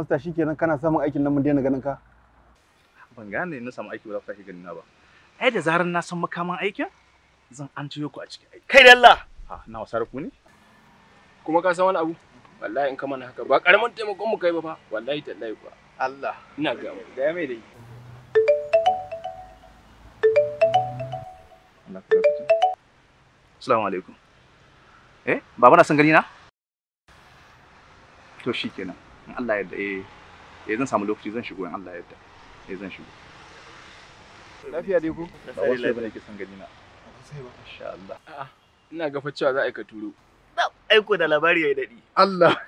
masta shikenan kana samun aikin nan mun daina ganin ka ban gane na samu aiki ba za ka ganin na ba ai da zaran na san makaman aikin zan an tuyo ku a cikin aiki kai da Allah ha na wasar ku ne kuma ka san wani abu wallahi in ka mana haka ba karamin taimakon mu kai ba fa wallahi tallahi ba Allah ina ga mu ga mai dai Assalamu alaikum. Eh, baba na san gani na? To shikenan. in Allah ya yarda eh, eh zan samu lokaci zan shigo in Allah ya yarda eh zan shigo lafiya dai ku sai wasu bane ke san gani na sai ba insha Allah a'a ina ga cewa za a yi ka turo aiko da labari yayi dadi Allah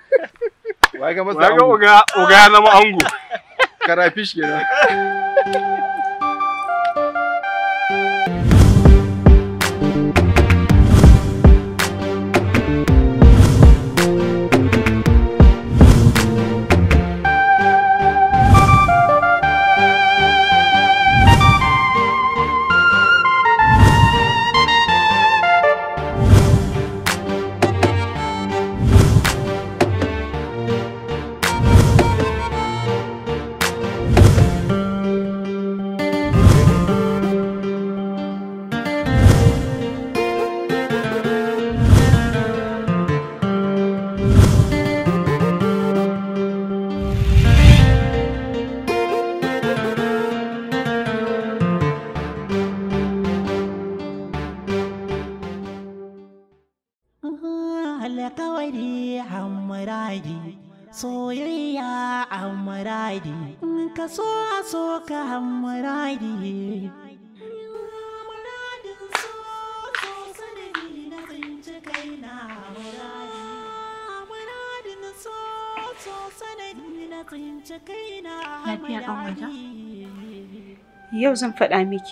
wa ga masa wa ga uga uga na mu ango karafish kenan ka so a so Yau zan faɗa miki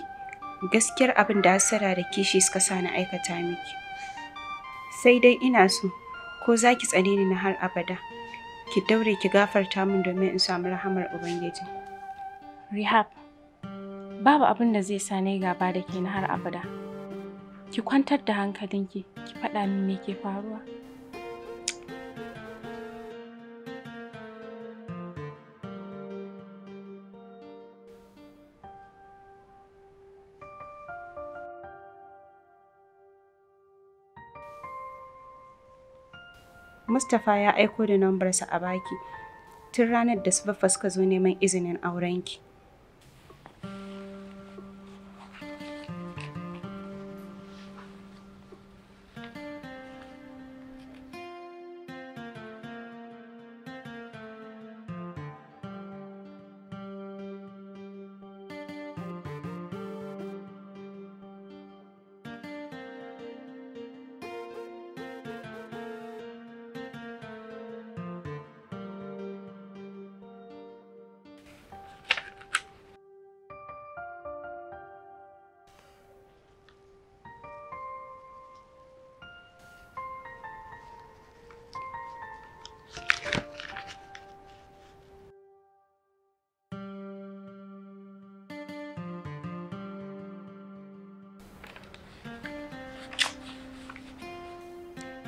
gaskiyar abin da hasara da kishi suka sa na aikata miki. Sai dai ina so ko za ki tsane ni na har abada. Ki daure ki gafarta min domin in samu rahamar Ubangiji. Rehab, babu abin da zai sa gaba da ke na har abada. Ki kwantar da hankalinki, ki faɗa min me ke faruwa. Mustapha ya aiko da numbarsa a baki tun ranar da su Sufaffa suka zo neman izinin aurenki.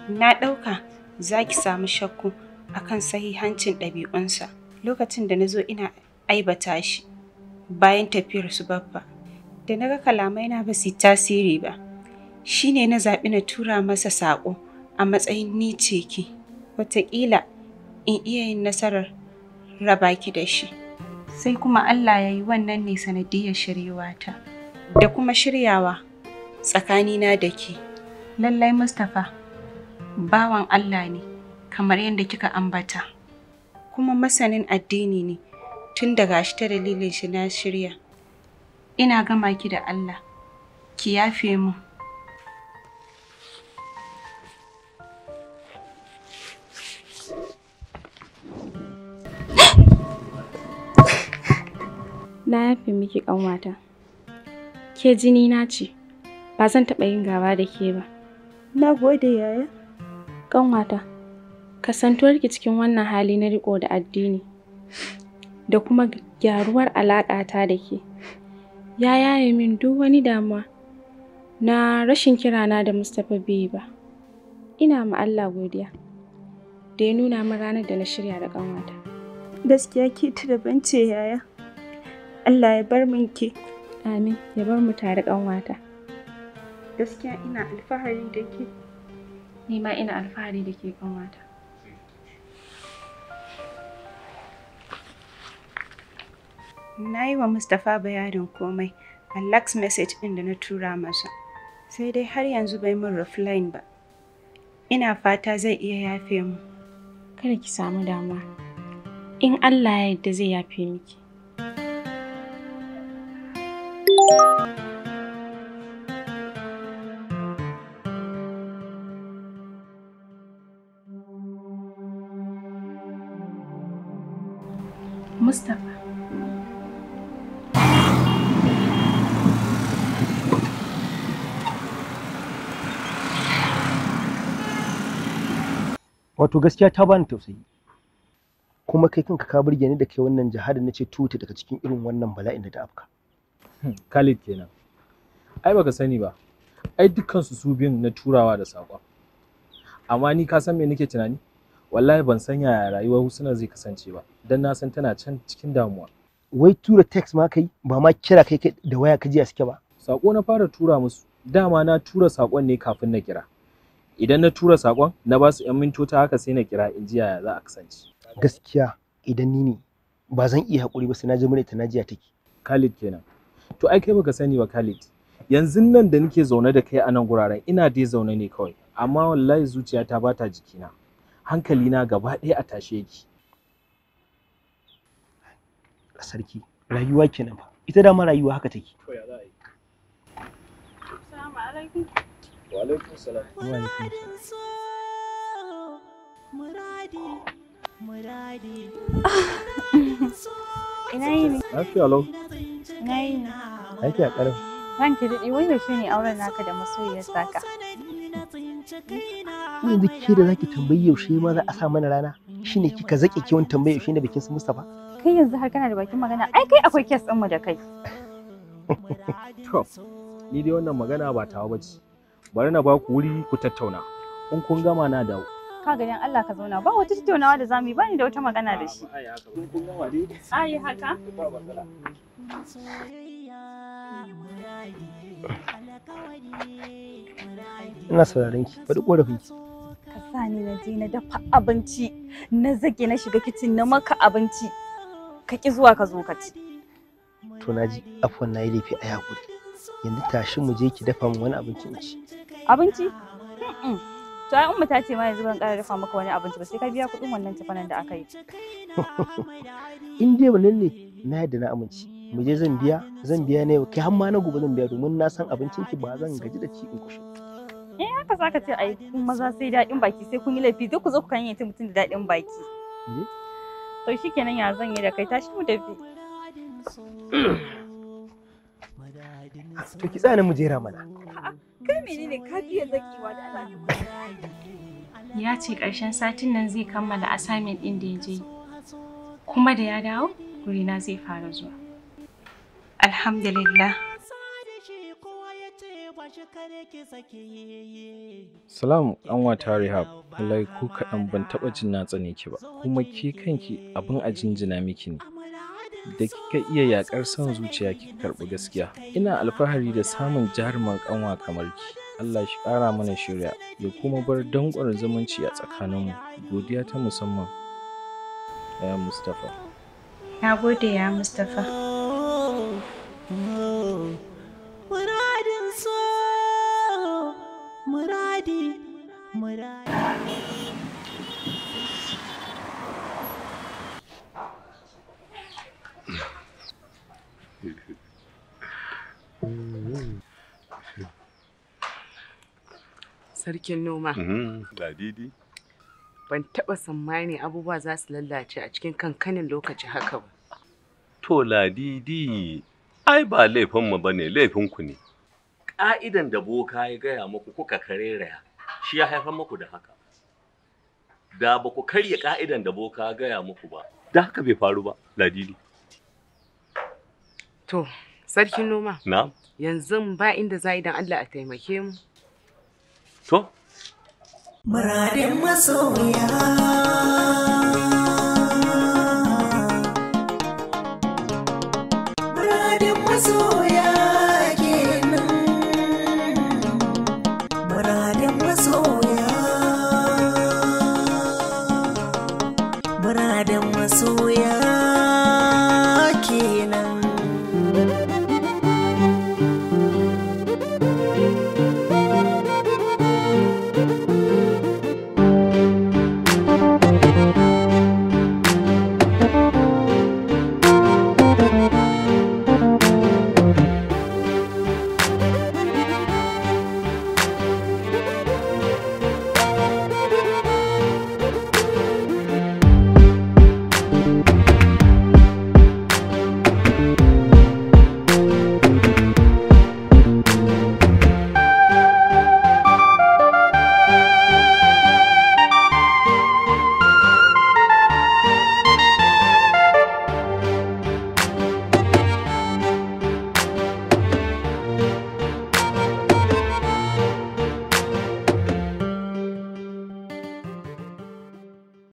na ɗauka za ki samu shakku akan sahihancin ɗabi'unsa lokacin da na zo ina aibata shi bayan tafiyar su babba da naga ga kalamai na ba su tasiri ba shi ne na zaɓi na tura masa saƙo a matsayin ni ce ki wataƙila in iya yin nasarar raba ki da shi sai kuma Allah ya yi wannan ne sanadiyar ta. da kuma shiryawa tsakanina da ke lallai Mustapha bawan Allah ne kamar yadda kika ambata kuma masanin addini ne tun daga shi ta dalilin shi na shirya ina gama ki da Allah ki yafe mu na yafe miki ƙanwata ke jini na ce ba zan taɓa yin gaba da ke ba na gode yaya Ƙanwata, kasantuwarki cikin wannan hali na riko da addini da kuma gyaruwar alaƙata da ke, ya yaye min duk wani damuwa na rashin kirana da Mustapha bai yi ba. Ina ma Allah godiya da ya nuna min ranar da na shirya da ƙanwata. Gaskiya ke ta daban ce yaya. Allah ya bar min ke. Amin, ya bar mu tare ƙanwata. Gaskiya ina alfahari da ke. ni ma ina alfahari da ke kanwata na yi wa mustapha bayanin komai a lax message ɗin da na tura masa sai dai har yanzu bai min refline ba ina fata zai iya yafe mu kada ki samu dama. in allah ya yarda zai yafe miki thank you Mustafa. Wato gaskiya ta bani tausayi. Kuma kai kanka ka burge ni da kai wannan jihada na ce tuta daga cikin irin wannan bala'in da ta afka. Hmm, Khalid kenan. Ai baka sani ba. Ai dukkansu su biyun na turawa da saƙon. Amma ni ka san me nake tunani? Wallahi ban san yaya rayuwar Husna zai kasance ba. don na san tana can cikin damuwa wai tura text ma kai ba ma kira kai da waya ka ji a suke ba sako na fara tura musu dama na tura sakon ne kafin na kira idan na tura sakon na ba su yan mintota haka sai na kira in ji yaya za a kasance gaskiya idan ni ne ba zan iya hakuri ba sai na ji murya ta najiya take Khalid kenan to ai kai baka sani ba Khalid yanzu nan da nake zaune da kai a nan guraren ina dai zaune ne kawai amma wallahi zuciyata ba ta jikina hankalina gaba ɗaya a tashe yake sarki rayuwa kenan fa ita dama rayuwa haka take Ina yi ne? Lafiya alo Ina yi ne? Aiki a ƙarin. ki daɗi wai yaushe ne auren naka da masoyiyar saka. Yanzu ke da zaki tambayi yaushe ma za a sa mana rana shine kika zaƙe ke wani tambayi yaushe ne bikin su Mustapha. kai yanzu har kana da bakin magana ai kai akwai kes ɗinmu da kai to ni dai wannan magana ba tawa bace bari na ba ku wuri ku tattauna in kun gama na dawo ka ga dan Allah ka zauna ba wata tattaunawa da zamu yi bani da wata magana da shi ai haka kun gama dai ai haka ina sauraron ki bari ƙorafin ki ka sa ni na je na dafa abinci na zage na shiga kicin na maka abinci ka ki zuwa ka zo ka ci to na ji afwan na yi laifi a yakuri yanzu tashi mu je ki dafa mu wani abinci in ci abinci to ai umma ta ce ma yanzu ban ƙara dafa maka wani abinci ba sai ka biya kuɗin wannan tafanan da aka yi in dai nan ne na yadda na amince mu je zan biya zan biya ne kai har ma na gobe zan biya domin na san abincin ki ba zan gaji da ci in kushe eh haka zaka ce ai kun maza sai daɗin baki sai kun yi laifi duk ku zo ku kan yi mutum da daɗin baki to shi kenan ya zan yi da kai tashi mu tafi to ki tsaya mu jera mana kai menene ka biya zakewa da Allah ya ce karshen satin nan zai kammala assignment din da yaje kuma da ya dawo guri na zai fara zuwa alhamdulillah Salam ƙanwata Rehab, wallahi ko kaɗan ban taɓa jin na tsane ki ba, kuma ke kanki abin a jinjina miki ne. Da kika iya yaƙar son zuciya ki karɓi gaskiya. Ina alfahari da samun jaruman ƙanwa kamar ki. Allah shi ƙara mana shirya ya kuma bar danƙon zumunci a tsakaninmu. Godiya ta musamman. Ya Mustapha. Na gode ya Mustapha. sarkin noma. Ladidi. Mhm, Ban taɓa tsammani abubuwa za su lallace a cikin kankanin lokaci haka ba. To ladidi, ai ba laifinmu ba ne laifinku ne. Ka'idan da boka ya gaya muku kuka kareraya, shi ya haifar muku da haka. Da ba ku karya ka'idan da boka ya gaya muku ba, da haka bai faru ba, ladidi. To, sarkin noma. Na. Yanzu ba inda za idan Allah a taimake mu. to masoya